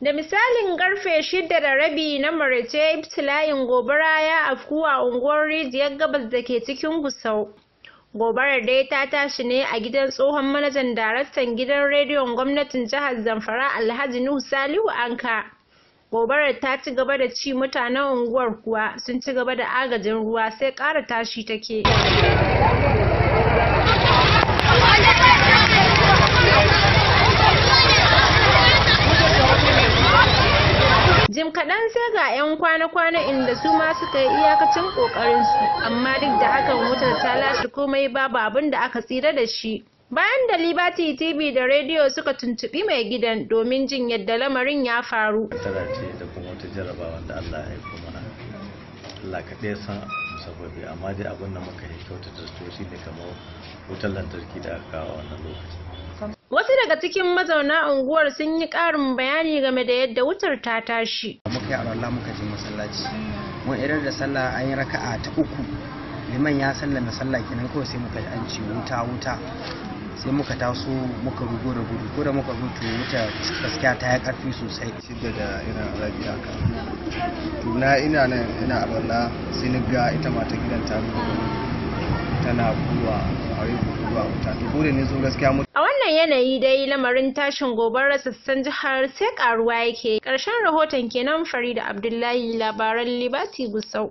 Da misalin karfe rabi na maraice ibtilayin gobara ya afku a unguwar Rijiyar Gabas da ke cikin Gusau. Gobarar dai ta tashi ne a gidan tsohon manajan daraktan gidan rediyon gwamnatin jihar Zamfara Alhaji Nuhu Salihu Anka. Gobarar ta ci gaba da ci mutanen unguwar kuwa sun ci gaba da agajin ruwa sai ƙara tashi take. jim kaɗan sai ga 'yan kwana-kwana inda su ma suka yi iyakacin ƙoƙarinsu amma duk da hakan wutar ta lashe komai babu abin da aka tsira da shi bayan da liberty tv da rediyo suka tuntuɓi mai gidan domin jin yadda lamarin ya faru tara ce da kuma wata jarabawa da allah ya aiko mana allah kaɗai san sababi amma dai abin da muka yi kyauta da shi ne kamar wutar lantarki da aka kawo wannan lokaci wasu cikin mazauna unguwar sun yi ƙarin bayani game da yadda wutar ta tashi muka yi Allah muka je masallaci mun irin da sallah an yi raka'a ta uku liman ya sallame sallah kenan kawai sai muka an ce wuta wuta sai muka taso muka rugo da gudu ko da muka gudu wuta gaskiya ta yi karfi sosai shidda da ina zabi haka to na ina nan ina arwallah sai ni ga ita mata gidan ta tana kuwa bude ne gaskiya mu a wannan yanayi dai lamarin tashin gobarar sassan jihar sai karuwa yake karshen rahoton kenan Farida Abdullahi labaran Libati Gusau